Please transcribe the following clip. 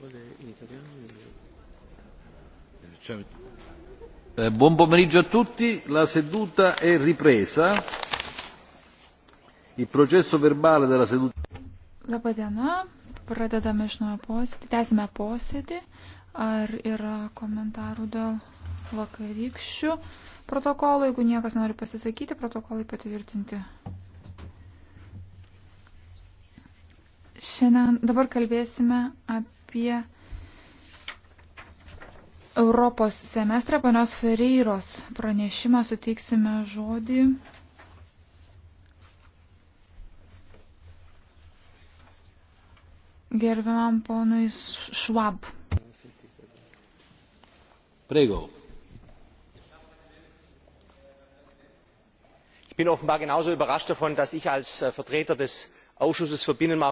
vuole in italiano e... Eh, buon pomeriggio a tutti, la seduta è ripresa. Il processo verbale della seduta. Labą dieną, pradedame iš naujo posėdį, tęsime posėdį. Ar yra komentarų dėl vakarykščių protokolų? Jeigu niekas nori pasisakyti, protokolai patvirtinti. Šiandien dabar kalbėsime apie Europos semestrą. Panios Ferreiros pranešimą suteiksime žodį. gerbiamam ponui Švab. Prego. Ich bin offenbar genauso überrascht davon, dass ich als äh, Vertreter des Ausschusses für Binnenmarkt